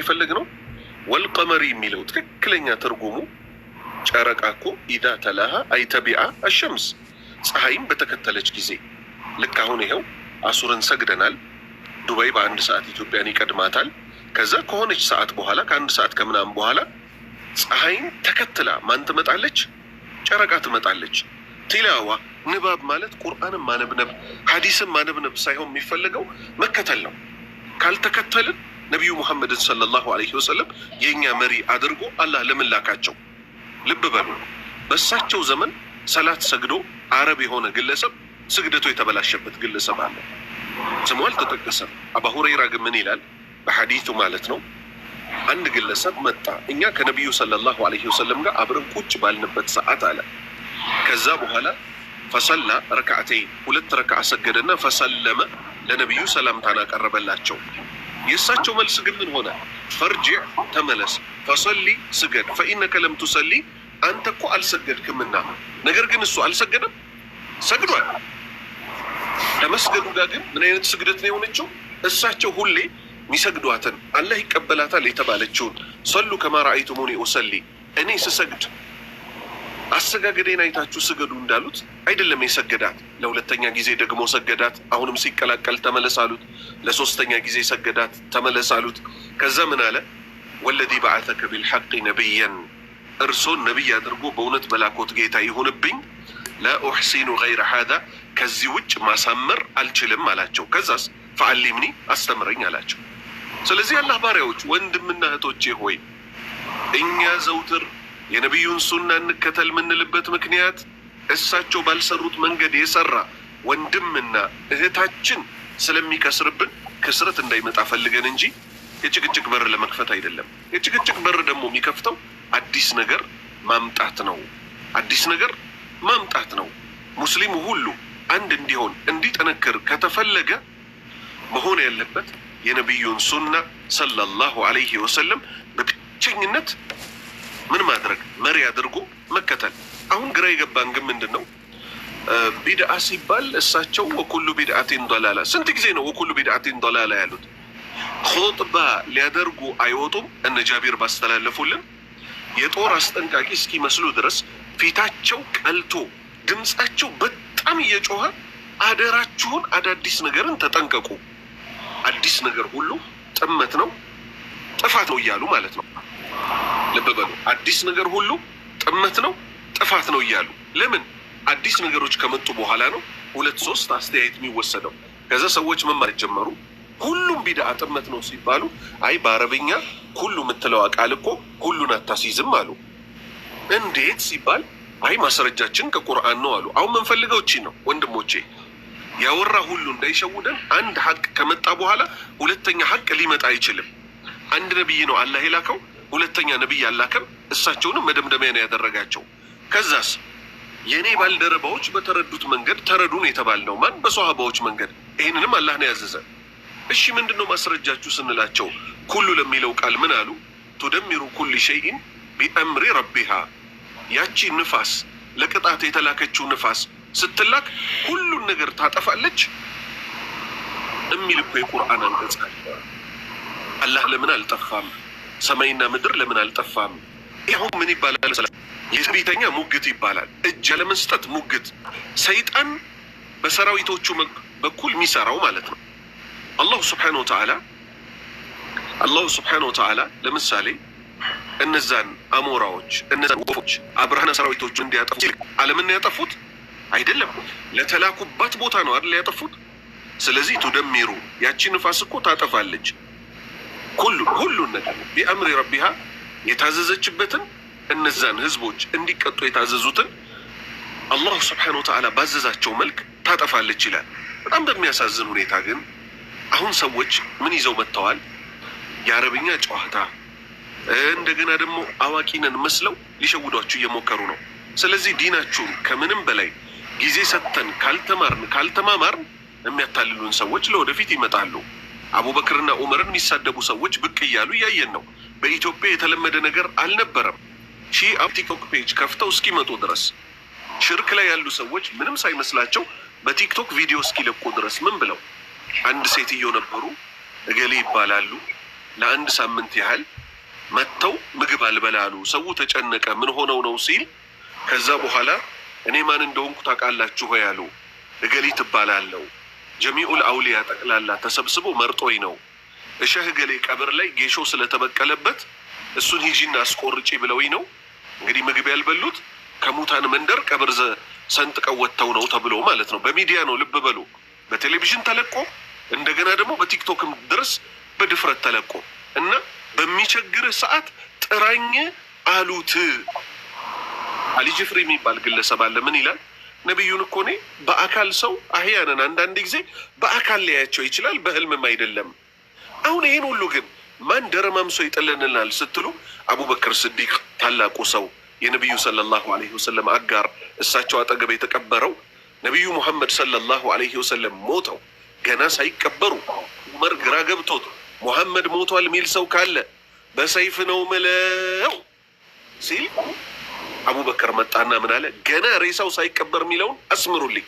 የፈለግ ነው። ወልቀመሪ የሚለው ትክክለኛ ትርጉሙ ጨረቃ እኮ ኢዳ ተላሃ አይተቢአ አሸምስ ፀሐይም በተከተለች ጊዜ ልክ አሁን ይኸው አሱርን ሰግደናል። ዱባይ በአንድ ሰዓት ኢትዮጵያን ይቀድማታል። ከዛ ከሆነች ሰዓት በኋላ ከአንድ ሰዓት ከምናምን በኋላ ፀሐይን ተከትላ ማን ትመጣለች? ጨረቃ ትመጣለች። ቲላዋ ንባብ ማለት ቁርአንም ማነብነብ ሀዲስን ማነብነብ ሳይሆን የሚፈለገው መከተል ነው። ካልተከተልን ነቢዩ ሙሐመድን ሰለላሁ አለይሂ ወሰለም የእኛ መሪ አድርጎ አላህ ለምን ላካቸው? ልብ በሉ። በእሳቸው ዘመን ሰላት ሰግዶ አረብ የሆነ ግለሰብ ስግደቱ የተበላሸበት ግለሰብ አለ። ስሙ አልተጠቀሰም። አባሁረይራ ግን ምን ይላል? በሐዲቱ ማለት ነው። አንድ ግለሰብ መጣ። እኛ ከነቢዩ ሰለላሁ አለይሂ ወሰለም ጋር አብረን ቁጭ ባልንበት ሰዓት አለ። ከዛ በኋላ ፈሰላ ረካዕተይ ሁለት ረካዓ ሰገደና ፈሰለመ፣ ለነቢዩ ሰላምታን አቀረበላቸው። የእሳቸው መልስ ግን ምን ሆነ? ፈርጅዕ ተመለስ፣ ፈሰሊ ስገድ፣ ፈኢነከ ለም ቱሰሊ አንተ እኮ አልሰገድክምና። ነገር ግን እሱ አልሰገደም፣ ሰግዷል። ከመስገዱ ጋር ግን ምን አይነት ስግደት ነው የሆነችው? እሳቸው ሁሌ የሚሰግዷትን አላህ ይቀበላታል የተባለችውን ሰሉ ከማ ረአይቱሙኒ ኡሰሊ እኔ ስሰግድ አሰጋገዴን አይታችሁ ስገዱ እንዳሉት አይደለም የሰገዳት። ለሁለተኛ ጊዜ ደግሞ ሰገዳት። አሁንም ሲቀላቀል ተመለስ አሉት። ለሶስተኛ ጊዜ ሰገዳት፣ ተመለስ አሉት። ከዛ ምን አለ? ወለዚ በዓተከ ቢልሐቅ ነቢያን፣ እርሶን ነቢይ አድርጎ በእውነት መላኮት ጌታ ይሁንብኝ፣ ላኡሕሲኑ ገይረ ሃዛ፣ ከዚህ ውጭ ማሳመር አልችልም አላቸው። ከዛስ ፈአሊምኒ፣ አስተምረኝ አላቸው። ስለዚህ አላህ ባሪያዎች ወንድምና እህቶቼ ሆይ እኛ ዘውትር የነቢዩን ሱና እንከተል የምንልበት ምክንያት እሳቸው ባልሰሩት መንገድ የሰራ ወንድምና እህታችን ስለሚከስርብን ክስረት እንዳይመጣ ፈልገን እንጂ የጭቅጭቅ በር ለመክፈት አይደለም። የጭቅጭቅ በር ደግሞ የሚከፍተው አዲስ ነገር ማምጣት ነው። አዲስ ነገር ማምጣት ነው። ሙስሊሙ ሁሉ አንድ እንዲሆን እንዲጠነክር ከተፈለገ መሆን ያለበት የነቢዩን ሱና ሰለላሁ አለይህ ወሰለም በብቸኝነት ምን ማድረግ መሪ አድርጎ መከተል። አሁን ግራ የገባን ግን ምንድን ነው ቢድአ ሲባል እሳቸው ወኩሉ ቢድአቲን ዶላላ ስንት ጊዜ ነው ወኩሉ ቢድአቲን ዶላላ ያሉት? ሆጥባ ሊያደርጉ አይወጡም። እነ ጃቢር ባስተላለፉልን የጦር አስጠንቃቂ እስኪመስሉ ድረስ ፊታቸው ቀልቶ ድምፃቸው በጣም እየጮኸ አደራችሁን አዳዲስ ነገርን ተጠንቀቁ፣ አዲስ ነገር ሁሉ ጥመት ነው ጥፋት ነው እያሉ ማለት ነው። ልብ በሉ። አዲስ ነገር ሁሉ ጥመት ነው ጥፋት ነው እያሉ ለምን አዲስ ነገሮች ከመጡ በኋላ ነው ሁለት ሶስት አስተያየት የሚወሰደው። ከዛ ሰዎች መማር ጀመሩ። ሁሉም ቢዳ ጥመት ነው ሲባሉ አይ በአረብኛ ሁሉ የምትለው ቃል እኮ ሁሉን አታስይዝም አሉ። እንዴት ሲባል አይ ማስረጃችን ከቁርአን ነው አሉ። አሁን የምንፈልገው ነው ወንድሞቼ፣ ያወራ ሁሉ እንዳይሸውደን። አንድ ሀቅ ከመጣ በኋላ ሁለተኛ ሀቅ ሊመጣ አይችልም። አንድ ነቢይ ነው አላህ የላከው ሁለተኛ ነቢይ አላከም። እሳቸውንም መደምደሚያ ነው ያደረጋቸው። ከዛስ የእኔ ባልደረባዎች በተረዱት መንገድ ተረዱን የተባልነው ማን? በሶሃባዎች መንገድ። ይህንንም አላህ ነው ያዘዘ። እሺ ምንድን ነው ማስረጃችሁ ስንላቸው ኩሉ ለሚለው ቃል ምን አሉ? ቱደሚሩ ኩል ሸይን ቢአምሪ ረቢሃ። ያቺ ንፋስ ለቅጣት የተላከችው ንፋስ ስትላክ ሁሉን ነገር ታጠፋለች የሚል እኮ የቁርአን አንቀጽ አለ። አላህ ለምን አልጠፋም? ሰማይና ምድር ለምን አልጠፋም? ይኸው ምን ይባላል? የትዕቢተኛ ሙግት ይባላል። እጅ ያለመስጠት ሙግት፣ ሰይጣን በሰራዊቶቹ በኩል የሚሰራው ማለት ነው። አላሁ ስብሓነ ወተዓላ አላሁ ስብሓነ ወተዓላ ለምሳሌ እነዛን አሞራዎች እነዛን ወፎች አብርሃነ ሰራዊቶቹ እንዲያጠፉ ዓለምን ያጠፉት አይደለም፣ ለተላኩባት ቦታ ነው አይደል ያጠፉት። ስለዚህ ቱደሚሩ ያቺ ንፋስ እኮ ታጠፋለች። ሁሉ ሁሉን ነገር ቢአምሪ ረቢሃ የታዘዘችበትን እነዛን ህዝቦች እንዲቀጡ የታዘዙትን አላሁ ስብሓነሁ ወተዓላ ባዘዛቸው መልክ ታጠፋለች ይላል። በጣም በሚያሳዝን ሁኔታ ግን አሁን ሰዎች ምን ይዘው መጥተዋል? የአረብኛ ጨዋታ እንደገና ደግሞ አዋቂነን መስለው ሊሸውዷችሁ እየሞከሩ ነው። ስለዚህ ዲናችሁን ከምንም በላይ ጊዜ ሰጥተን ካልተማርን ካልተማማርን የሚያታልሉን ሰዎች ለወደፊት ይመጣሉ። አቡበክርና ዑመርን የሚሳደቡ ሰዎች ብቅ እያሉ እያየን ነው። በኢትዮጵያ የተለመደ ነገር አልነበረም። ሺ ቲክቶክ ፔጅ ከፍተው እስኪመጡ ድረስ ሽርክ ላይ ያሉ ሰዎች ምንም ሳይመስላቸው በቲክቶክ ቪዲዮ እስኪለቁ ድረስ ምን ብለው አንድ ሴትዮ ነበሩ እገሌ ይባላሉ። ለአንድ ሳምንት ያህል መጥተው ምግብ አልበላሉ። ሰው ተጨነቀ። ምን ሆነው ነው ሲል ከዛ በኋላ እኔ ማን እንደሆንኩ ታውቃላችሁ ያሉ እገሊት እባላለሁ ጀሚኡል አውሊያ ጠቅላላ ተሰብስቦ መርጦኝ ነው እሸህ ገሌ ቀብር ላይ ጌሾ ስለተበቀለበት እሱን ሂጂና አስቆርጪ ብለውኝ ነው። እንግዲህ ምግብ ያልበሉት ከሙታን መንደር ቀብር ሰንጥቀው ወጥተው ነው ተብሎ ማለት ነው። በሚዲያ ነው ልብ በሉ። በቴሌቪዥን ተለቆ እንደገና ደግሞ በቲክቶክም ድረስ በድፍረት ተለቆ እና በሚቸግርህ ሰዓት ጥራኝ አሉት። አሊ ጅፍሪ የሚባል ግለሰብ አለ። ምን ይላል? ነቢዩን እኮ እኔ በአካል ሰው አህያንን አንዳንድ ጊዜ በአካል ሊያያቸው ይችላል፣ በህልምም አይደለም። አሁን ይህን ሁሉ ግን ማን ደረማምሶ ይጥልልናል ስትሉ አቡበክር ስዲቅ ታላቁ ሰው የነቢዩ ሰለላሁ ዐለይሂ ወሰለም አጋር፣ እሳቸው አጠገብ የተቀበረው ነቢዩ ሙሐመድ ሰለላሁ ዐለይሂ ወሰለም ሞተው ገና ሳይቀበሩ ዑመር ግራ ገብቶት ሙሐመድ ሞቷል የሚል ሰው ካለ በሰይፍ ነው ምለው ሲል አቡበከር መጣና ምን አለ? ገና ሬሳው ሳይቀበር የሚለውን አስምሩልኝ።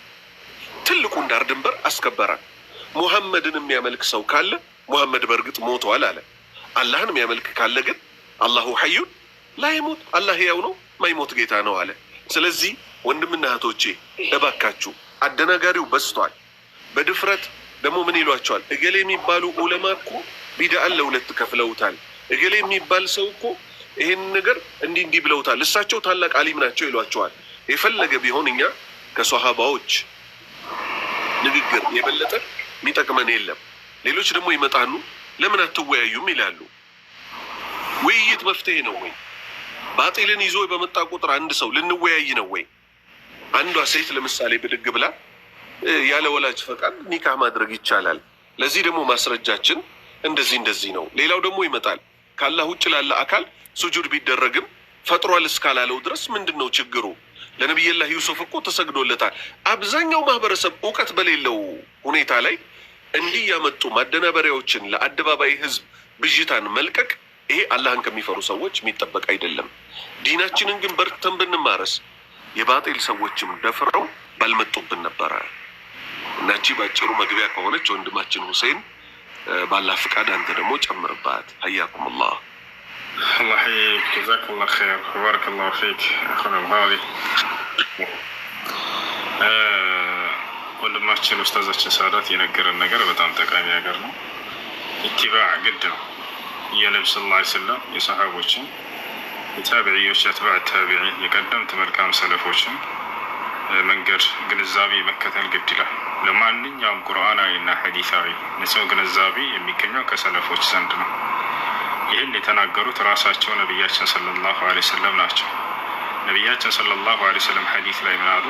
ትልቁ ዳር ድንበር አስከበራል። ሙሐመድን የሚያመልክ ሰው ካለ ሙሐመድ በእርግጥ ሞተዋል አለ። አላህን የሚያመልክ ካለ ግን አላሁ ሐዩን ላይሞት አላህ ያው ነው ማይሞት ጌታ ነው አለ። ስለዚህ ወንድምና እህቶቼ እባካችሁ አደናጋሪው በዝቷል። በድፍረት ደግሞ ምን ይሏቸዋል? እገሌ የሚባሉ ዑለማ እኮ ቢድአን ለሁለት ከፍለውታል። እገሌ የሚባል ሰው እኮ ይህን ነገር እንዲህ እንዲህ ብለውታል፣ እሳቸው ታላቅ አሊም ናቸው ይሏቸዋል። የፈለገ ቢሆን እኛ ከሶሃባዎች ንግግር የበለጠ የሚጠቅመን የለም። ሌሎች ደግሞ ይመጣሉ፣ ለምን አትወያዩም ይላሉ። ውይይት መፍትሄ ነው ወይ? ባጤልን ይዞ በመጣ ቁጥር አንድ ሰው ልንወያይ ነው ወይ? አንዷ ሴት ለምሳሌ ብድግ ብላ ያለ ወላጅ ፈቃድ ኒካህ ማድረግ ይቻላል። ለዚህ ደግሞ ማስረጃችን እንደዚህ እንደዚህ ነው። ሌላው ደግሞ ይመጣል ካላህ ውጭ ላለ አካል ሱጁድ ቢደረግም ፈጥሯል እስካላለው ድረስ ምንድን ነው ችግሩ? ለነቢይላህ ዩሱፍ እኮ ተሰግዶለታል። አብዛኛው ማህበረሰብ እውቀት በሌለው ሁኔታ ላይ እንዲህ ያመጡ ማደናበሪያዎችን ለአደባባይ ህዝብ ብዥታን መልቀቅ ይሄ አላህን ከሚፈሩ ሰዎች የሚጠበቅ አይደለም። ዲናችንን ግን በርተን ብንማረስ የባጤል ሰዎችም ደፍረው ባልመጡብን ነበረ። እናቺ ባጭሩ መግቢያ ከሆነች ወንድማችን ሁሴን ባላ ፍቃድ አንተ ደግሞ ጨምርባት። ሀያኩም ላ ላ ጀዛኩም ር ባረከ ፊክ ሪ ወንድማችን ውስታዛችን ሳዳት የነገረን ነገር በጣም ጠቃሚ ነገር ነው። ኢትባዕ ግድ ነው። የነብስ ላ ስለም የሰሓቦችን የታቢዕዮች የአትባዕ ታቢዒ የቀደምት መልካም ሰለፎችን መንገድ ግንዛቤ መከተል ግድ ይላል። ለማንኛውም ቁርአናዊ እና ሐዲሳዊ ንጹሕ ግንዛቤ የሚገኘው ከሰለፎች ዘንድ ነው። ይህን የተናገሩት ራሳቸው ነቢያችን ሰለላሁ ዐለይሂ ወሰለም ናቸው። ነቢያችን ሰለላሁ ዐለይሂ ወሰለም ሐዲስ ላይ ምን አሉ?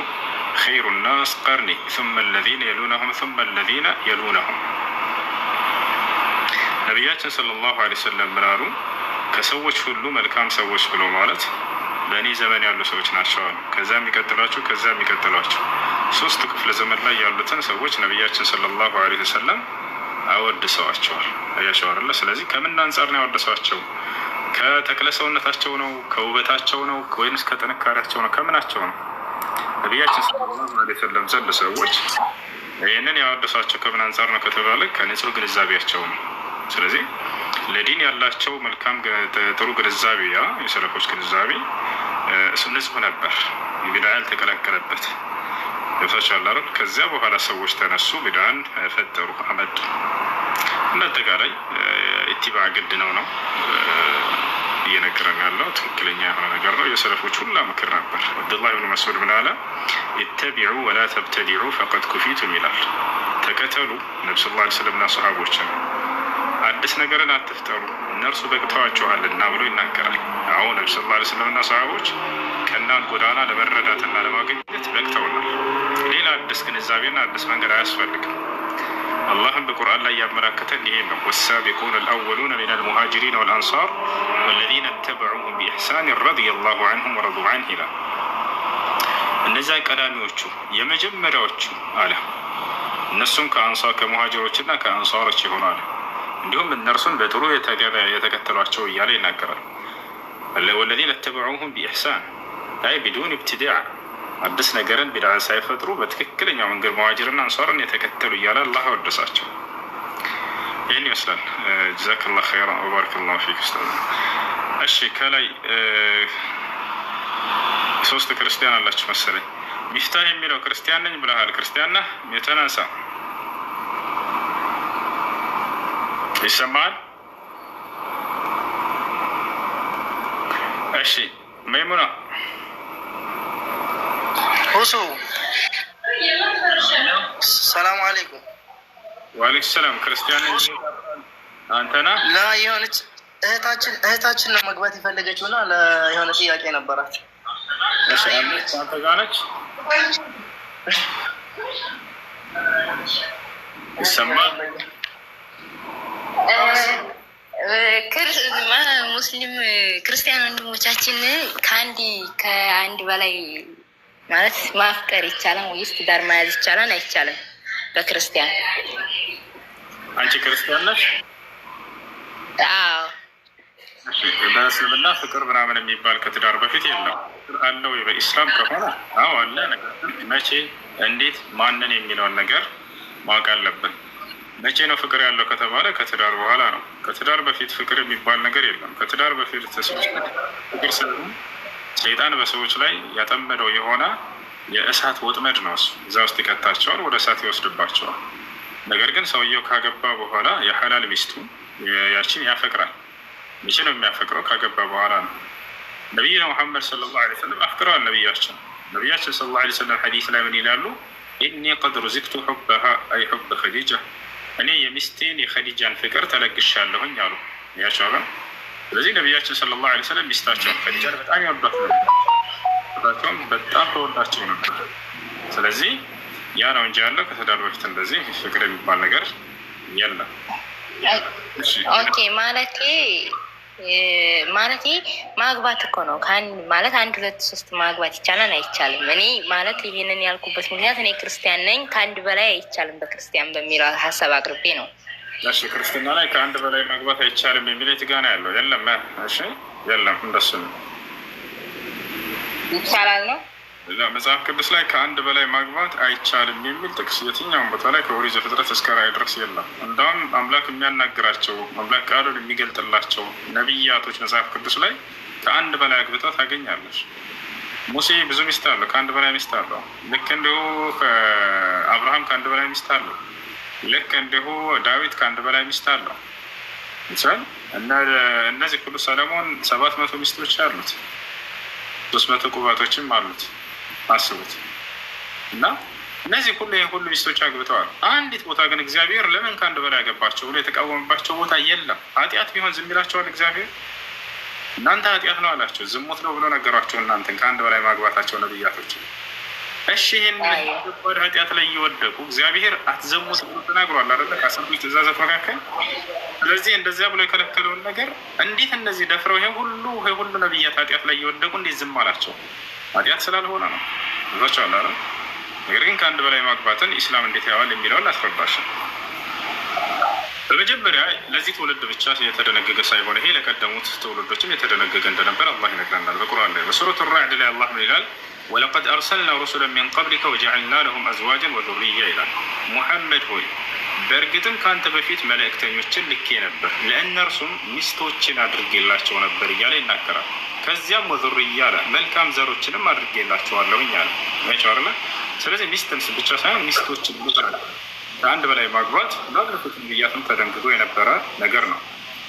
ኸይሩ ናስ ቀርኒ ሱመ ለዚነ የሉነሁም ሱመ ለዚነ የሉነሁም። ነቢያችን ሰለላሁ ዐለይሂ ወሰለም ምን አሉ? ከሰዎች ሁሉ መልካም ሰዎች ብሎ ማለት በእኔ ዘመን ያሉ ሰዎች ናቸው አሉ። ከዛ የሚቀጥሏቸው ከዛ የሚቀጥሏቸው ሶስቱ ክፍለ ዘመን ላይ ያሉትን ሰዎች ነቢያችን ሰለላሁ ዐለይሂ ወሰለም አወድሰዋቸዋል። እያሸዋርለ ስለዚህ ከምን አንጻር ነው ያወደሰዋቸው? ከተክለ ሰውነታቸው ነው? ከውበታቸው ነው? ወይምስ ከጥንካሬያቸው ነው? ከምናቸው ነው? ነቢያችን ሰለላሁ ዐለይሂ ወሰለም ዘንድ ሰዎች ይህንን ያወደሷቸው ከምን አንጻር ነው ከተባለ ከንጹህ ግንዛቤያቸው ነው። ስለዚህ ለዲን ያላቸው መልካም ጥሩ ግንዛቤ ያ የሰለፎች ግንዛቤ እሱ ንጹህ ነበር፣ ቢድዓ ያልተቀላቀለበት ገብታችኋል አይደል? ከዚያ በኋላ ሰዎች ተነሱ፣ ቢድዓን ፈጠሩ፣ አመጡ። እንደ አጠቃላይ ኢትባ ግድ ነው ነው እየነገረን ያለው ትክክለኛ የሆነ ነገር ነው። የሰለፎች ሁላ ምክር ነበር። አብዱላህ ብኑ መስዑድ ምን አለ? ኢተቢዑ ወላ ተብተዲዑ ፈቀድ ኩፊቱም ይላል። ተከተሉ ነብስ ላ ስለም ና ነው አዲስ ነገርን አትፍጠሩ እነርሱ በቅተዋችኋልና ብሎ ይናገራል። አሁን ነቢ ስ ላ ስለምና ሰሃቦች ቀናን ጎዳና ለመረዳትና ለማግኘት በቅተውናል። ሌላ አዲስ ግንዛቤና አዲስ መንገድ አያስፈልግም። አላህም በቁርአን ላይ ያመላከተን ይሄን ነው። ወሳቢቁን አልአወሉነ ሚን አልሙሃጅሪን ወልአንሳር ወለዚነ ተበዑሁም ቢኢሕሳን ረዲየላሁ አንሁም ወረዱ አንሁ ይላል። እነዚያ ቀዳሚዎቹ የመጀመሪያዎቹ አለ እነሱም ከአንሷር ከሙሃጅሮችና ከአንሷሮች ይሆናል። እንዲሁም እነርሱን በጥሩ የተከተሏቸው እያለ ይናገራል። ወለዚነ ተበዑሁም ቢኢሕሳን አይ ቢዱን ኢብትዳዕ አዲስ ነገርን ቢድዓ ሳይፈጥሩ በትክክለኛ መንገድ መዋጅርና አንሷርን የተከተሉ እያለ አላህ አወደሳቸው። ይህን ይመስላል። ጀዛከላሁ ኸይራ ወባረከላሁ ፊክ ኡስታዝ። እሺ ከላይ ሶስት ክርስቲያን አላችሁ መሰለኝ። ሚፍታህ የሚለው ክርስቲያን ነኝ ብለሃል። ክርስቲያን ነህ የተነሳ ይሰማል። እሺ መይሙና ሁሱ ሰላም አለይኩም። ዋሌኩም ሰላም። ክርስቲያን አንተና ላ የሆነች እህታችን እህታችን ነው መግባት የፈለገችው እና ለየሆነ ጥያቄ ነበራት። አንተ ጋ ነች። ይሰማል ሙስሊም ክርስቲያን ወንድሞቻችን ከአንድ ከአንድ በላይ ማለት ማፍቀር ይቻላል ወይስ ትዳር መያዝ ይቻላል? አይቻልም። በክርስቲያን አንቺ ክርስቲያን ነሽ? አዎ። በእስልምና ፍቅር ምናምን የሚባል ከትዳር በፊት የለም አለው። በኢስላም ከሆነ አዎ አለ። ነገር መቼ፣ እንዴት፣ ማንን የሚለውን ነገር ማወቅ አለብን። መቼ ነው ፍቅር ያለው ከተባለ ከትዳር በኋላ ነው። ከትዳር በፊት ፍቅር የሚባል ነገር የለም። ከትዳር በፊት ሰዎች ፍቅር ሰይጣን በሰዎች ላይ ያጠመደው የሆነ የእሳት ወጥመድ ነው። እሱ እዛ ውስጥ ይከታቸዋል፣ ወደ እሳት ይወስድባቸዋል። ነገር ግን ሰውየው ካገባ በኋላ የሐላል ሚስቱ ያችን ያፈቅራል። መቼ ነው የሚያፈቅረው? ካገባ በኋላ ነው። ነቢይ ሙሐመድ ሰለላሁ ዐለይሂ ወሰለም አፍቅረዋል። ነቢያችን ነቢያችን ሰለላሁ ዐለይሂ ወሰለም ሐዲስ ላይ ምን ይላሉ? ኢኒ ቀድ ሩዚቅቱ ሑበሃ አይ ሑበ ኸዲጃ እኔ የሚስቴን የከዲጃን ፍቅር ተለግሻለሁኝ አሉ ያቸው። ስለዚህ ነቢያችን ሰለላሁ ዐለይሂ ወሰለም ሚስታቸውን ከዲጃን በጣም ያወዷት ነበር፣ በጣም ተወዳቸው ነበር። ስለዚህ ያ ነው እንጂ ያለው ከተዳር በፊት እንደዚህ ፍቅር የሚባል ነገር የለም። ኦኬ ማለቴ ማለት ማግባት እኮ ነው ማለት አንድ ሁለት ሶስት ማግባት ይቻላል አይቻልም። እኔ ማለት ይሄንን ያልኩበት ምክንያት እኔ ክርስቲያን ነኝ፣ ከአንድ በላይ አይቻልም በክርስቲያን በሚለው ሀሳብ አቅርቤ ነው። እሺ ክርስትና ላይ ከአንድ በላይ ማግባት አይቻልም የሚል የት ጋ ነው ያለው? የለም፣ እሺ፣ የለም። እንደሱ ነው ይቻላል ነው መጽሐፍ ቅዱስ ላይ ከአንድ በላይ ማግባት አይቻልም የሚል ጥቅስ የትኛውም ቦታ ላይ ከኦሪት ዘፍጥረት እስከ ራዕይ ድረስ የለም። እንዳውም አምላክ የሚያናግራቸው አምላክ ቃሉን የሚገልጥላቸው ነቢያቶች መጽሐፍ ቅዱስ ላይ ከአንድ በላይ አግብታ ታገኛለች። ሙሴ ብዙ ሚስት አለው፣ ከአንድ በላይ ሚስት አለው። ልክ እንዲሁ አብርሃም ከአንድ በላይ ሚስት አለው። ልክ እንዲሁ ዳዊት ከአንድ በላይ ሚስት አለው። ይቻል እነዚህ ሁሉ ሰለሞን ሰባት መቶ ሚስቶች አሉት፣ ሶስት መቶ ቁባቶችም አሉት። አስቡት እና እነዚህ ሁሉ የሁሉ ሚስቶች አግብተዋል። አንዲት ቦታ ግን እግዚአብሔር ለምን ከአንድ በላይ ያገባቸው ብሎ የተቃወመባቸው ቦታ የለም። ኃጢአት ቢሆን ዝም ይላቸዋል እግዚአብሔር። እናንተ ኃጢአት ነው አላቸው፣ ዝሙት ነው ብሎ ነገሯቸው። እናንተን ከአንድ በላይ ማግባታቸው ነብያቶች። እሺ ይህን ወደ ኃጢአት ላይ እየወደቁ እግዚአብሔር አትዘሙት ብሎ ተናግሯል አለ ከአስርቱ ትእዛዛት መካከል። ስለዚህ እንደዚያ ብሎ የከለከለውን ነገር እንዴት እነዚህ ደፍረው ይሄ ሁሉ ይሄ ሁሉ ነብያት ኃጢአት ላይ እየወደቁ እንዴት ዝም አላቸው? ኃጢአት ስላልሆነ ነው። ዛቸው አለ። ነገር ግን ከአንድ በላይ ማግባትን ኢስላም እንዴት ያዋል የሚለውን አስረባሽን በመጀመሪያ ለዚህ ትውልድ ብቻ የተደነገገ ሳይሆን ይሄ ለቀደሙት ትውልዶችም የተደነገገ እንደነበር አላህ ይነግረናል በቁርአን ላይ በሱረት ራዕድ ላይ አላህ ምን ይላል? ወለቀድ አርሰልና ሩሱለ ሚን ቀብሊከ ወጀዐልና ለሁም አዝዋጀን ወዙርያ ይላል። ሙሐመድ ሆይ በእርግጥም ከአንተ በፊት መልእክተኞችን ልኬ ነበር፣ ለእነርሱም ሚስቶችን አድርጌላቸው ነበር እያለ ይናገራል። ከዚያም ወዙርያ እያለ መልካም ዘሮችንም አድርጌላቸዋለሁ እኛ ነው ስለዚህ ሚስትን ብቻ ሳይሆን ሚስቶችን ይላል ከአንድ በላይ ማግባት ለአገርኩት ንብያትም ተደንግጎ የነበረ ነገር ነው።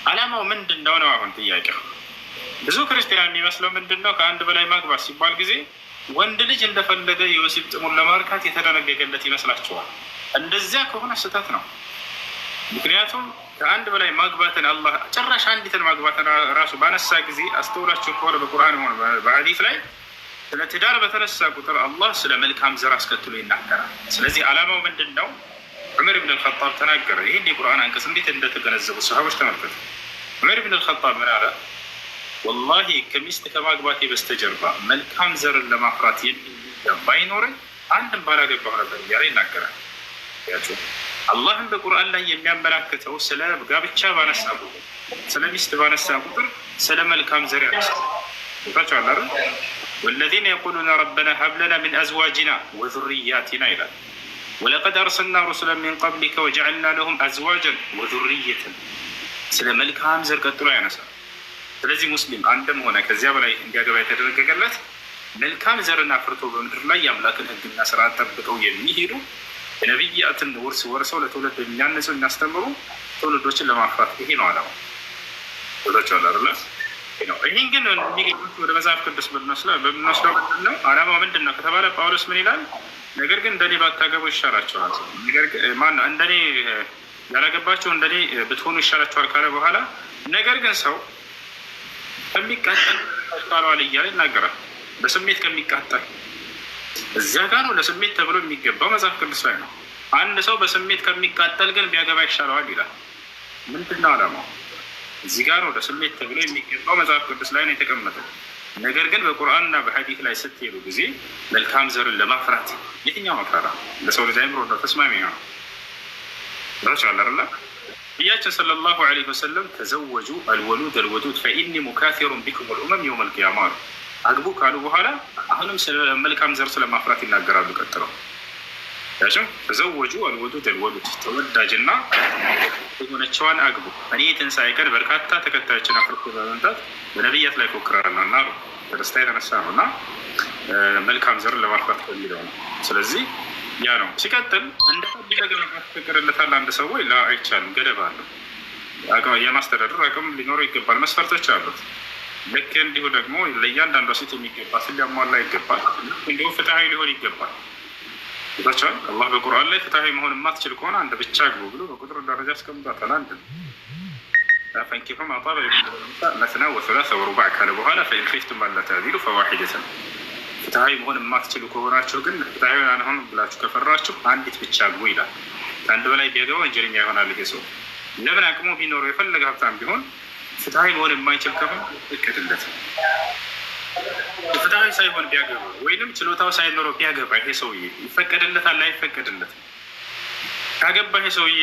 አላማው ምንድን ነው ነው አሁን ጥያቄው። ብዙ ክርስቲያን የሚመስለው ምንድን ነው ከአንድ በላይ ማግባት ሲባል ጊዜ ወንድ ልጅ እንደፈለገ የወሲብ ጥሙን ለማርካት የተደነገገለት ይመስላቸዋል። እንደዚያ ከሆነ ስህተት ነው። ምክንያቱም ከአንድ በላይ ማግባትን አላህ ጭራሽ አንዲትን ማግባትን ራሱ ባነሳ ጊዜ አስተውላችሁ ከሆነ በቁርአን ሆነ በሐዲስ ላይ ስለ ትዳር በተነሳ ቁጥር አላህ ስለ መልካም ዘር አስከትሎ ይናገራል። ስለዚህ ዓላማው ምንድን ነው? ዑመር ብን አልኸጣብ ተናገረ። ይህን የቁርአን አንቀጽ እንዴት እንደተገነዘቡ ሰሃቦች ተመልከቱ። ዑመር ብን አልኸጣብ ምን አለ? ወላሂ ከሚስት ከማግባቴ በስተጀርባ መልካም ዘርን ለማፍራት የሚል ባይኖረኝ አንድም ባላገባሁ ነበር እያለ ይናገራል። ያቸው አላህም በቁርአን ላይ የሚያመላክተው ስለ ጋብቻ ባነሳ ቁጥር ስለ ሚስት ባነሳ ቁጥር ስለ መልካም ዘር ያነሳ ቻላ ወለዚነ የቁሉነ ረበና ሀብለና ምን አዝዋጅና ወዙርያቲና ይላል። ወለቀድ አርሰልና ሩሱላ ሚን ቀብሊከ ወጀዐልና ለሁም አዝዋጀን ወዙርየትን ስለ መልካም ዘር ቀጥሎ ያነሳል። ስለዚህ ሙስሊም አንድም ሆነ ከዚያ በላይ እንዲያገባ የተደረገለት መልካም ዘርን አፍርቶ በምድር ላይ የአምላክን ሕግና ስርዓት ጠብቀው የሚሄዱ የነቢያትን ውርስ ወርሰው ለትውልድ የሚያንጹ የሚያስተምሩ ትውልዶችን ለማፍራት ይሄ ነው አላማ። ቦታቸው አለ ነው። ይህን ግን የሚገኙት ወደ መጽሐፍ ቅዱስ በምንወስደው ምንድን ነው አላማ ምንድን ነው ከተባለ ጳውሎስ ምን ይላል? ነገር ግን እንደኔ ባታገቡ ይሻላቸዋል። ነገር ማነው እንደኔ ያላገባቸው እንደኔ ብትሆኑ ይሻላቸዋል ካለ በኋላ ነገር ግን ሰው ከሚቃጠል ካለዋል እያለ ይናገራል። በስሜት ከሚቃጠል እዛ ጋር ነው ለስሜት ተብሎ የሚገባው መጽሐፍ ቅዱስ ላይ ነው። አንድ ሰው በስሜት ከሚቃጠል ግን ቢያገባ ይሻለዋል ይላል። ምንድነው አላማው? እዚህ ጋር ነው ለስሜት ተብሎ የሚገባው መጽሐፍ ቅዱስ ላይ ነው የተቀመጠው። ነገር ግን በቁርአንና በሀዲት ላይ ስትሄዱ ጊዜ መልካም ዘርን ለማፍራት የትኛው መፍራራ ለሰው ልጅ አይምሮ ነው ተስማሚ ነው ሮች አላርላ ነቢያችን ሰለላሁ ዐለይሂ ወሰለም ተዘወጁ አልወሉድ አልወዱድ ፈኢኒ ሙካሲሩን ቢኩም ልኡመም የውም አልቅያማ ነው አግቡ ካሉ በኋላ አሁንም መልካም ዘር ስለማፍራት ይናገራሉ። ቀጥለው ያቸው ተዘወጁ አልወዱድ አልወሉድ ተወዳጅና የሆነችዋን አግቡ። እኔ የትንሣኤ ቀን በርካታ ተከታዮችን አፍርቶ በመምጣት በነቢያት ላይ ፎክራለሁ እና አሉ። በደስታ የተነሳ ነው እና መልካም ዘር ለማፍራት ከሚለው ነው። ስለዚህ ያ ነው። ሲቀጥል እንደ ፍቅርለታል አንድ ሰው ወይ ላ አይቻልም። ገደብ አለው። የማስተዳደር አቅም ሊኖረው ይገባል። መስፈርቶች አሉት። ልክ እንዲሁ ደግሞ ለእያንዳንዷ ሴት የሚገባ ስል ሊያሟላ ይገባል። እንዲሁ ፍትሐዊ ሊሆን ይገባል። ታቸዋል አላህ በቁርአን ላይ ፍትሐዊ መሆን የማትችል ከሆነ አንድ ብቻ ግቡ ብሎ በቁጥር ደረጃ አስቀምጧታል። አንድ ፈንኪሑም አጣበ መስና ወሰላሰ ወሩባዕ ካለ በኋላ ፈኢን ኺፍቱም አላ ተዕዲሉ ፈዋሒደተን። ፍትሐዊ መሆን የማትችሉ ከሆናችሁ ግን ፍትሐዊ አንሆን ብላችሁ ከፈራችሁ አንዲት ብቻ ግቡ ይላል። ከአንድ በላይ ቢያገባ ወንጀለኛ ይሆናል። ይሄ ሰው ለምን አቅሙ ቢኖረው የፈለገ ሀብታም ቢሆን ፍትሐዊ መሆን የማይችል ከሆነ እቅድለት ፍትሐዊ ሳይሆን ቢያገባ ወይንም ችሎታው ሳይኖረው ቢያገባ ይሄ ሰውዬ ይፈቀድለታል አይፈቀድለትም? ካገባ ይሄ ሰውዬ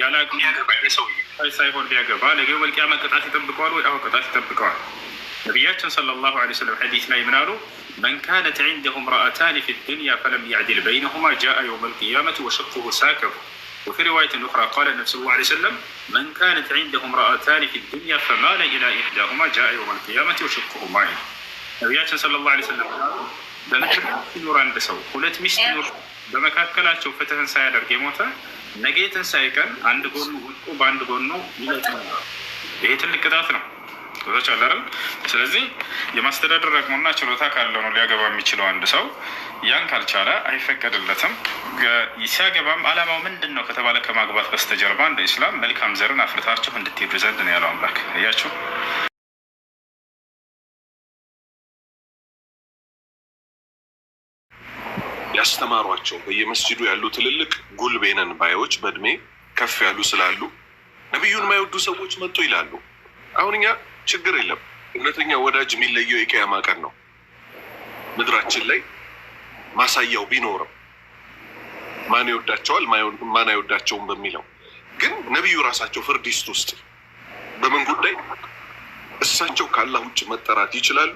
ያለ አቅሙ ያገባ ይሄ ሰውዬ ሳይሆን ቢያገባ ነገ መልቅያማ ቅጣት ይጠብቀዋል ወይ? አሁን ቅጣት ይጠብቀዋል። ነቢያችን ሰለላሁ ዐለይሂ ወሰለም ሐዲስ ላይ ምን አሉ? መን ካነት ዐንደሁ ምርአታኒ ፊ ዱንያ ፈለም ያዕድል በይነሁማ ጃአ የውመል ቂያመቲ ወሸቁሁ ሳከሁ وفي رواية أخرى قال النبي صلى الله عليه وسلم من كانت عنده امرأتان في الدنيا فمال إلى إحداهما جاء يوم القيامة يشقهما عليه ነቢያችን ሰለላሁ ዐለይሂ ወሰለም በመካከላቸው ይኖር አንድ ሰው ሁለት ሚስት ይኖር በመካከላቸው ፍትህን ሳያደርግ የሞተ ነገ ትንሣኤ ቀን አንድ ጎኑ ወጥቶ በአንድ ጎኑ ይለጥ ይሄ ትልቅ ቅጣት ነው። ገብቶሻል አይደል? ስለዚህ የማስተዳደር ደግሞና ችሎታ ካለው ነው ሊያገባ የሚችለው አንድ ሰው። ያን ካልቻለ አይፈቀድለትም። ሲያገባም አላማው ምንድን ነው ከተባለ ከማግባት በስተጀርባ እንደ ኢስላም መልካም ዘርን አፍርታችሁ እንድትሄዱ ዘንድ ነው ያለው አምላክ። እያችሁ ያስተማሯቸው በየመስጂዱ ያሉ ትልልቅ ጉልቤነን ባዮች በእድሜ ከፍ ያሉ ስላሉ ነቢዩን የማይወዱ ሰዎች መጡ ይላሉ። አሁን እኛ ችግር የለም። እውነተኛ ወዳጅ የሚለየው የቅያማ ቀን ነው። ምድራችን ላይ ማሳያው ቢኖርም ማን ይወዳቸዋል ማን አይወዳቸውም በሚለው ግን ነቢዩ ራሳቸው ፍርድ ውስጥ በምን ጉዳይ እሳቸው ከአላህ ውጭ መጠራት ይችላሉ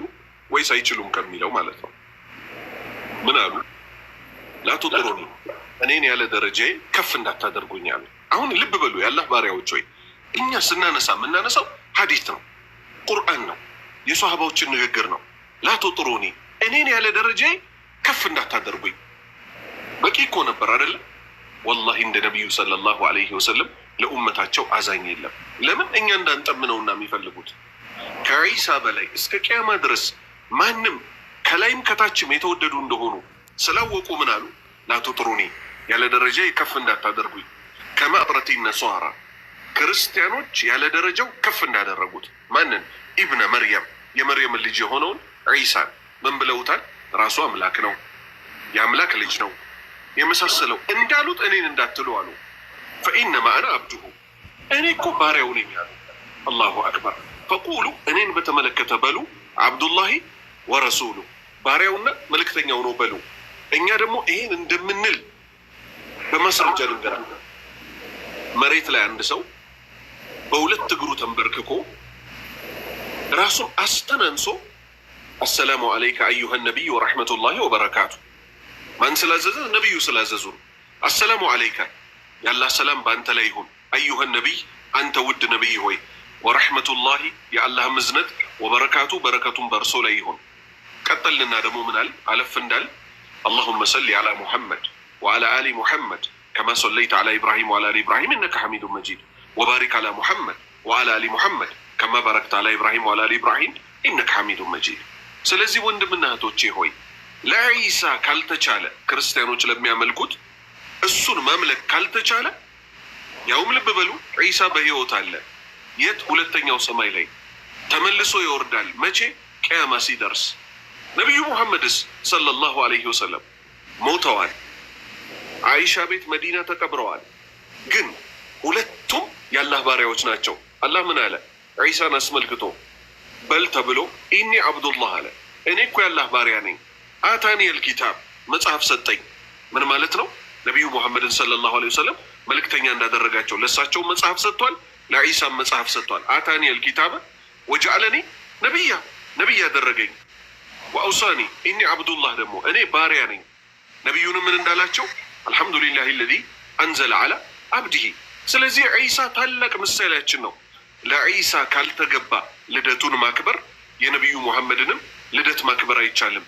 ወይስ አይችሉም ከሚለው ማለት ነው። ምን አሉ? ላቱ ጥሩ እኔን ያለ ደረጃዬ ከፍ እንዳታደርጉኝ አሉ። አሁን ልብ በሉ፣ የአላህ ባሪያዎች ወይ እኛ ስናነሳ የምናነሳው ሀዲት ነው። ቁርአን ነው፣ የሰሃባዎችን ንግግር ነው። ላትጥሩኒ እኔን ያለ ደረጃ ከፍ እንዳታደርጉኝ። በቂ እኮ ነበር አይደለም? ወላሂ እንደ ነቢዩ ሰለላሁ ዐለይሂ ወሰለም ለኡመታቸው አዛኝ የለም። ለምን እኛ እንዳንጠምነውና የሚፈልጉት ከዒሳ በላይ እስከ ቅያማ ድረስ ማንም ከላይም ከታችም የተወደዱ እንደሆኑ ስላወቁ ምን አሉ? ላትጥሩኒ ያለ ደረጃ ከፍ እንዳታደርጉኝ ከማዕብረቲ ነሷራ ክርስቲያኖች ያለ ደረጃው ከፍ እንዳደረጉት ማንን? ኢብነ መርየም የመርየምን ልጅ የሆነውን ዒሳን ምን ብለውታል? ራሱ አምላክ ነው፣ የአምላክ ልጅ ነው የመሳሰለው እንዳሉት እኔን እንዳትሉ አሉ። ፈኢነማ አነ አብዱሁ እኔ እኮ ባሪያው ነኝ ያሉ። አላሁ አክበር። ፈቁሉ እኔን በተመለከተ በሉ አብዱላሂ ወረሱሉ ባሪያውና መልእክተኛው ነው በሉ። እኛ ደግሞ ይሄን እንደምንል በማስረጃ ልንገራ መሬት ላይ አንድ ሰው በሁለት እግሩ ተንበርክኮ ራሱን አስተናንሶ አሰላሙ አለይከ አዩሀ ነቢይ ወረሕመቱላሂ ወበረካቱ። ማን ስላዘዘ? ነቢዩ ስላዘዙ። አሰላሙ አለይከ ያላ ሰላም በአንተ ላይ ይሁን። አዩሀ ነቢይ አንተ ውድ ነቢይ ሆይ ወረሕመቱላሂ የአላህ ምዝነት ወበረካቱ በረከቱን በእርሶ ላይ ይሁን። ቀጠልና ደግሞ ምናል አለፍ እንዳል አላሁመ ሰሊ አላ ሙሐመድ ወአላ አሊ ሙሐመድ ከማ ሰለይተ አላ ኢብራሂም ወአላ አሊ ኢብራሂም እነከ ሐሚዱን መጂድ ወባሪክ አላ ሙሐመድ ወአላ አሊ ሙሐመድ ከማ ባረክት አላ ኢብራሂም ወአላ አሊ ኢብራሂም ኢነክ ሐሚዱ መጂድ። ስለዚህ ወንድምና እህቶቼ ሆይ ለዒሳ ካልተቻለ ክርስቲያኖች ለሚያመልኩት እሱን ማምለክ ካልተቻለ፣ ያውም ልብ በሉ ዒሳ በሕይወት አለ። የት? ሁለተኛው ሰማይ ላይ ተመልሶ ይወርዳል። መቼ? ቅያማ ሲደርስ። ነቢዩ ሙሐመድስ ሰለላሁ አለይሂ ወሰለም ሞተዋል። አይሻ ቤት መዲና ተቀብረዋል። ግን ሁለቱም የአላህ ባሪያዎች ናቸው። አላህ ምን አለ? ዒሳን አስመልክቶ በል ተብሎ ኢኒ አብዱላህ አለ። እኔ እኮ የአላህ ባሪያ ነኝ። አታኒ አልኪታብ መጽሐፍ ሰጠኝ። ምን ማለት ነው? ነቢዩ ሙሐመድን ሰለላሁ ዐለይሂ ወሰለም መልእክተኛ እንዳደረጋቸው ለእሳቸውም መጽሐፍ ሰጥቷል፣ ለዒሳም መጽሐፍ ሰጥቷል። አታኒ አልኪታበ ወጀዐለኒ ነቢያ ነቢይ ያደረገኝ። ወአውሳኒ ኢኒ አብዱላህ ደግሞ እኔ ባሪያ ነኝ። ነቢዩንም ምን እንዳላቸው አልሐምዱሊላህ ለዚ አንዘለ ዐላ አብድሂ ስለዚህ ዒሳ ታላቅ ምሳሌያችን ነው። ለዒሳ ካልተገባ ልደቱን ማክበር የነቢዩ ሙሐመድንም ልደት ማክበር አይቻልም።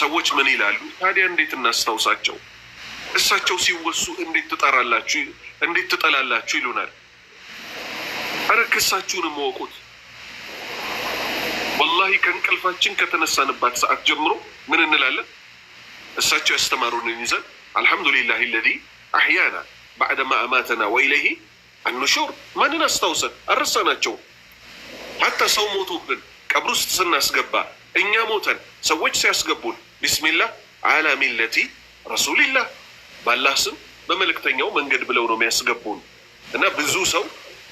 ሰዎች ምን ይላሉ ታዲያ? እንዴት እናስታውሳቸው? እሳቸው ሲወሱ እንዴት ትጠራላችሁ? እንዴት ትጠላላችሁ ይሉናል። አረ ክሳችሁን መወቁት። ወላሂ ከእንቅልፋችን ከተነሳንባት ሰዓት ጀምሮ ምን እንላለን? እሳቸው ያስተማሩንን ይዘን አልሐምዱሊላህ ለዚ አሕያና ባዕደማ አማተና ወኢለይሂ አንሹር ማንን አስታውሰን አረሳናቸው። ሀታ ሰው ሞቶብን ቀብር ውስጥ ስናስገባ እኛ ሞተን ሰዎች ሲያስገቡን ቢስሚላህ አላ ሚለቲ ረሱልላህ ባላህ ስም በመልእክተኛው መንገድ ብለው ነው የሚያስገቡን እና ብዙ ሰው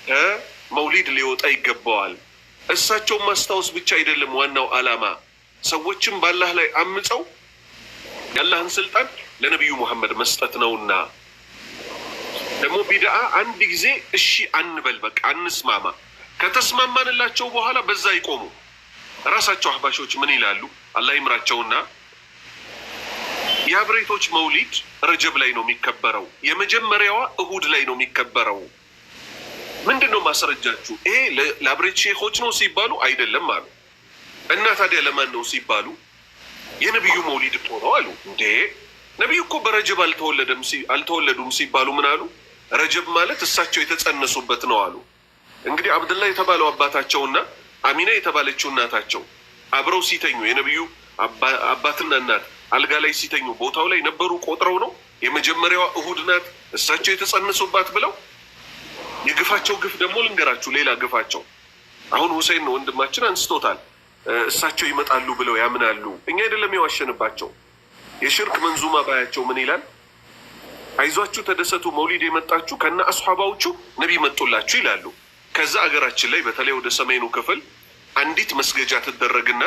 ከመውሊድ ሊወጣ ይገባዋል። እሳቸውን ማስታወስ ብቻ አይደለም ዋናው ዓላማ። ሰዎችም ባላህ ላይ አምፀው የአላህን ስልጣን ለነቢዩ ሙሐመድ መስጠት ነውና ደግሞ ቢድአ አንድ ጊዜ እሺ አንበል፣ በቃ አንስማማ። ከተስማማንላቸው በኋላ በዛ ይቆሙ። ራሳቸው አህባሾች ምን ይላሉ? አላህ ይምራቸውና የአብሬቶች መውሊድ ረጀብ ላይ ነው የሚከበረው፣ የመጀመሪያዋ እሁድ ላይ ነው የሚከበረው። ምንድን ነው ማስረጃችሁ? ይሄ ለአብሬት ሼኮች ነው ሲባሉ አይደለም አሉ። እና ታዲያ ለማን ነው ሲባሉ የነቢዩ መውሊድ እኮ ነው አሉ። እንዴ ነቢዩ እኮ በረጀብ አልተወለደም አልተወለዱም ሲባሉ ምን አሉ? ረጀብ ማለት እሳቸው የተጸነሱበት ነው አሉ። እንግዲህ አብድላ የተባለው አባታቸውና አሚና የተባለችው እናታቸው አብረው ሲተኙ የነቢዩ አባትና እናት አልጋ ላይ ሲተኙ ቦታው ላይ ነበሩ ቆጥረው ነው የመጀመሪያዋ እሁድ ናት እሳቸው የተጸነሱባት ብለው የግፋቸው ግፍ ደግሞ ልንገራችሁ። ሌላ ግፋቸው አሁን ሁሴን ወንድማችን አንስቶታል። እሳቸው ይመጣሉ ብለው ያምናሉ። እኛ አይደለም የዋሸንባቸው የሽርክ መንዙማ ባያቸው ምን ይላል? አይዟችሁ ተደሰቱ መውሊድ የመጣችሁ ከነ አስሓባዎቹ ነቢ መጡላችሁ ይላሉ። ከዛ አገራችን ላይ በተለይ ወደ ሰሜኑ ክፍል አንዲት መስገጃ ትደረግና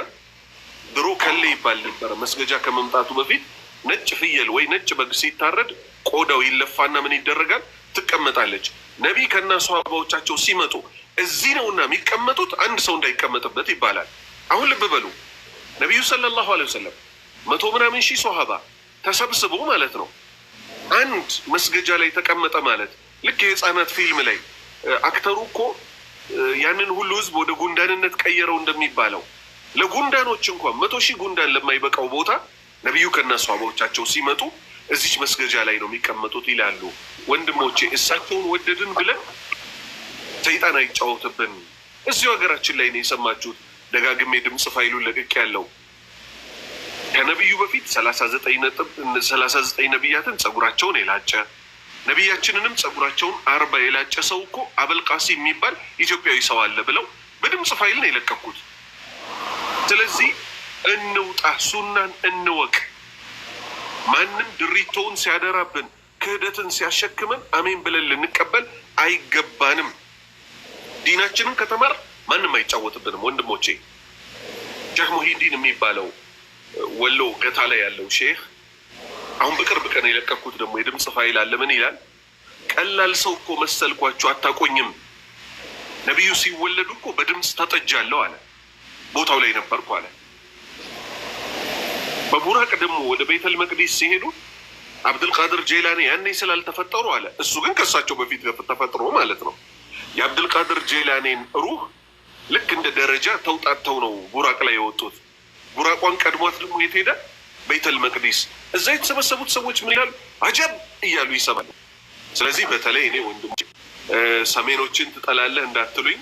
ድሮ ከሌ ይባል ነበረ። መስገጃ ከመምጣቱ በፊት ነጭ ፍየል ወይ ነጭ በግ ሲታረድ ቆዳው ይለፋና ምን ይደረጋል? ትቀመጣለች። ነቢ ከነ አስሓባዎቻቸው ሲመጡ እዚህ ነውና የሚቀመጡት አንድ ሰው እንዳይቀመጥበት ይባላል። አሁን ልብ በሉ ነቢዩ ሰለላሁ ዐለይሂ ወሰለም መቶ ምናምን ሺህ ሶሃባ ተሰብስቦ ማለት ነው አንድ መስገጃ ላይ ተቀመጠ ማለት ልክ የህፃናት ፊልም ላይ አክተሩ እኮ ያንን ሁሉ ህዝብ ወደ ጉንዳንነት ቀየረው እንደሚባለው ለጉንዳኖች እንኳን መቶ ሺህ ጉንዳን ለማይበቃው ቦታ ነቢዩ ከእነሱ አባዎቻቸው ሲመጡ እዚች መስገጃ ላይ ነው የሚቀመጡት ይላሉ። ወንድሞቼ እሳቸውን ወደድን ብለን ሰይጣን አይጫወትብን። እዚሁ ሀገራችን ላይ ነው የሰማችሁት። ደጋግሜ ድምፅ ፋይሉን ለቅቄ ያለው ከነቢዩ በፊት ሰላሳ ዘጠኝ ነቢያትን ጸጉራቸውን የላጨ ነቢያችንንም ጸጉራቸውን አርባ የላጨ ሰው እኮ አበልቃሲ የሚባል ኢትዮጵያዊ ሰው አለ ብለው በድምፅ ፋይል ነው የለቀኩት። ስለዚህ እንውጣ፣ ሱናን እንወቅ። ማንም ድሪቶውን ሲያደራብን ክህደትን ሲያሸክመን አሜን ብለን ልንቀበል አይገባንም። ዲናችንን ከተማር ማንም አይጫወትብንም። ወንድሞቼ ሸህ ሙሂዲን የሚባለው ወሎ ገታ ላይ ያለው ሼህ አሁን በቅርብ ቀን የለቀኩት ደግሞ የድምፅ ፋይል አለ። ምን ይላል? ቀላል ሰው እኮ መሰልኳችሁ፣ አታቆኝም። ነቢዩ ሲወለዱ እኮ በድምፅ ተጠጃለሁ አለ። ቦታው ላይ ነበርኩ አለ። በቡራቅ ደግሞ ወደ ቤተል መቅዲስ ሲሄዱ አብድልቃድር ጄላኒ ያኔ ስላልተፈጠሩ አለ። እሱ ግን ከእሳቸው በፊት ተፈጥሮ ማለት ነው። የአብድልቃድር ጄላኔን ሩህ ልክ እንደ ደረጃ ተውጣተው ነው ቡራቅ ላይ የወጡት። ቡራቋን ቀድሟት ደግሞ የት ሄደ? ቤተል መቅዲስ። እዛ የተሰበሰቡት ሰዎች ምን ይላሉ? አጀብ እያሉ ይሰማል። ስለዚህ በተለይ እኔ ወንድሞቼ ሰሜኖችን ትጠላለህ እንዳትሉኝ፣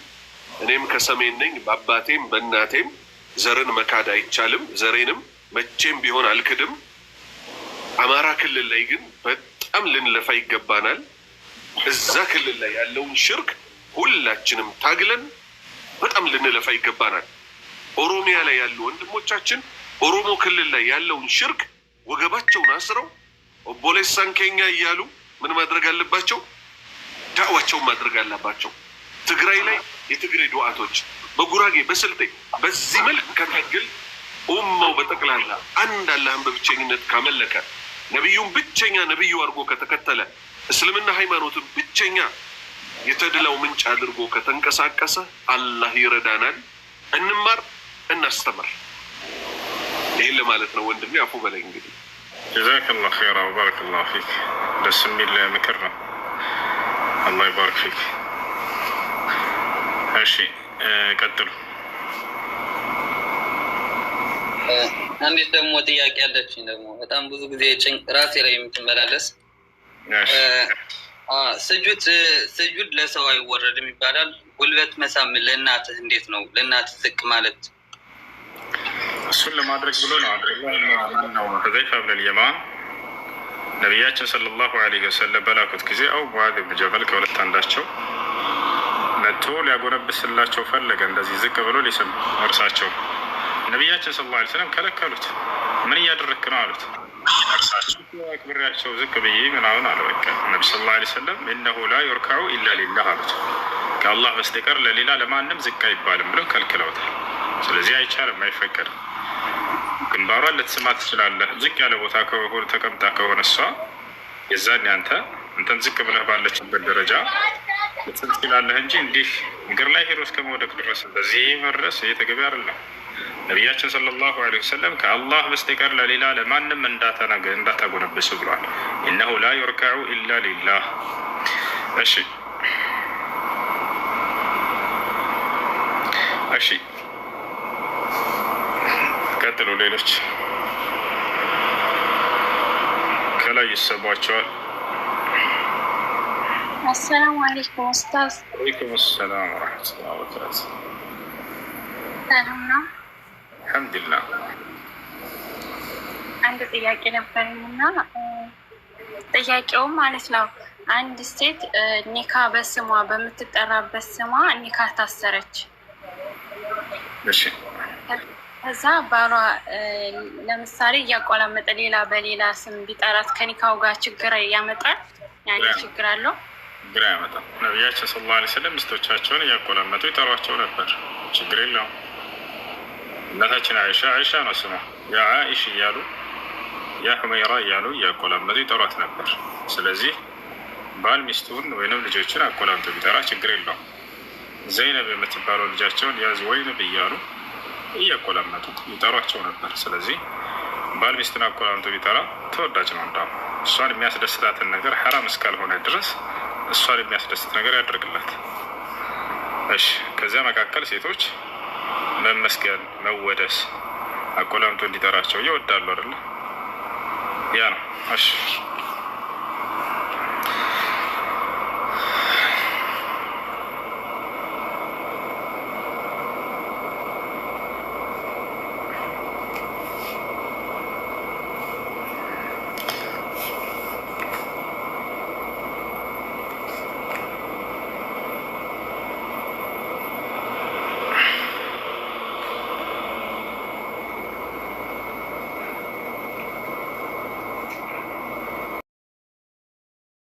እኔም ከሰሜን ነኝ። በአባቴም በእናቴም ዘርን መካድ አይቻልም። ዘሬንም መቼም ቢሆን አልክድም። አማራ ክልል ላይ ግን በጣም ልንለፋ ይገባናል። እዛ ክልል ላይ ያለውን ሽርክ ሁላችንም ታግለን በጣም ልንለፋ ይገባናል። ኦሮሚያ ላይ ያሉ ወንድሞቻችን ኦሮሞ ክልል ላይ ያለውን ሽርክ ወገባቸውን አስረው ኦቦሌሳን ኬኛ እያሉ ምን ማድረግ አለባቸው? ዳዕዋቸውን ማድረግ አለባቸው። ትግራይ ላይ የትግሬ ዱዓቶች፣ በጉራጌ በስልጤ በዚህ መልክ ከታግል ኡማው በጠቅላላ አንድ አላህን በብቸኝነት ካመለከ ነቢዩን ብቸኛ ነቢዩ አድርጎ ከተከተለ እስልምና ሃይማኖትን ብቸኛ የተድላው ምንጭ አድርጎ ከተንቀሳቀሰ አላህ ይረዳናል። እንማር። እናስተምር። ይህን ለማለት ነው ወንድሜ። አፉ በላይ እንግዲህ ጀዛከላ ኸይራ ወባረከላ ፊክ። ደስ የሚል ምክር ነው። አላህ ይባርክ ፊክ። እሺ ቀጥሉ። አንዲት ደግሞ ጥያቄ ያለችኝ ደግሞ በጣም ብዙ ጊዜ ጭንቅ ራሴ ላይ የምትመላለስ ስጁድ ስጁድ ለሰው አይወረድም ይባላል። ጉልበት መሳም ለእናትህ እንዴት ነው? ለእናትህ ዝቅ ማለት እሱን ለማድረግ ብሎ ነው ነው ሁዘይፋ ብን ልየማን ነቢያችን ሰለላሁ ዐለይሂ ወሰለም በላኩት ጊዜ አው ሙዓዝ ብን ጀበል ከሁለት አንዳቸው መጥቶ ሊያጎነብስላቸው ፈለገ። እንደዚህ ዝቅ ብሎ ሊስም እርሳቸው ነቢያችን ሰለላሁ ዐለይሂ ወሰለም ከለከሉት። ምን እያደረክ ነው አሉት። እርሳቸው ዝቅ ብዬ ምናምን አለ። በቃ ነቢ ሰለላሁ ላ ወሰለም እነሁ ላ ዩርካዑ ኢላ ሊላህ አሉት። ከአላህ በስተቀር ለሌላ ለማንም ዝቅ አይባልም ብለው ከልክለውታል። ስለዚህ አይቻልም፣ አይፈቀድም። ግንባሯን ልትስማ ትችላለህ። ዝቅ ያለ ቦታ ተቀምጣ ከሆነ እሷ የዛን አንተ እንትን ዝቅ ብለህ ባለችበት ደረጃ ልትስም ትችላለህ እንጂ እንዲህ እግር ላይ ሄዶ እስከ መውደቅ ድረስ በዚህ መድረስ እየተገቢ አይደለም። ነቢያችን ሰለላሁ ዐለይሂ ወሰለም ከአላህ በስተቀር ለሌላ ለማንም እንዳታጎነብሱ ብሏል። ኢነሁ ላ ዩርካዑ ኢላ ሊላህ። እሺ እሺ ቀጥሉ። ሌሎች ከላይ ይሰቧቸዋል። አሰላሙ አለይኩም ኡስታዝ። ወአለይኩም ሰላም ወረሕመቱላሂ ወበረካቱ። ሰላም ነው? አልሐምዱሊላህ። አንድ ጥያቄ ነበረኝ እና ጥያቄውም ማለት ነው አንድ ሴት ኒካ በስሟ በምትጠራበት ስሟ ኒካ ታሰረች። እሺ ከዛ ባሏ ለምሳሌ እያቆላመጠ ሌላ በሌላ ስም ቢጠራት ከኒካው ጋር ችግር ያመጣል። ያኔ ችግር አለው ግራ ያመጣል። ነቢያቸው ስለ ላ ስለም ሚስቶቻቸውን እያቆላመጡ ይጠሯቸው ነበር። ችግር የለውም። እናታችን አይሻ አይሻ ነው ስሟ። የአይሽ እያሉ የሑመይራ እያሉ እያቆላመጡ ይጠሯት ነበር። ስለዚህ ባል ሚስቱን ወይንም ልጆችን አቆላምጦ ቢጠራ ችግር የለውም። ዘይነብ የምትባለው ልጃቸውን ያዝ ወይንብ እያሉ እያቆላመጡ ይጠሯቸው ነበር። ስለዚህ ባል ሚስትን አቆላምጦ ቢጠራ ተወዳጅ ነው። እንዳ እሷን የሚያስደስታትን ነገር ሐራም እስካልሆነ ድረስ እሷን የሚያስደስት ነገር ያደርግላት። እሺ፣ ከዚያ መካከል ሴቶች መመስገን፣ መወደስ አቆላምጦ እንዲጠራቸው ይወዳሉ አይደለ? ያ ነው። እሺ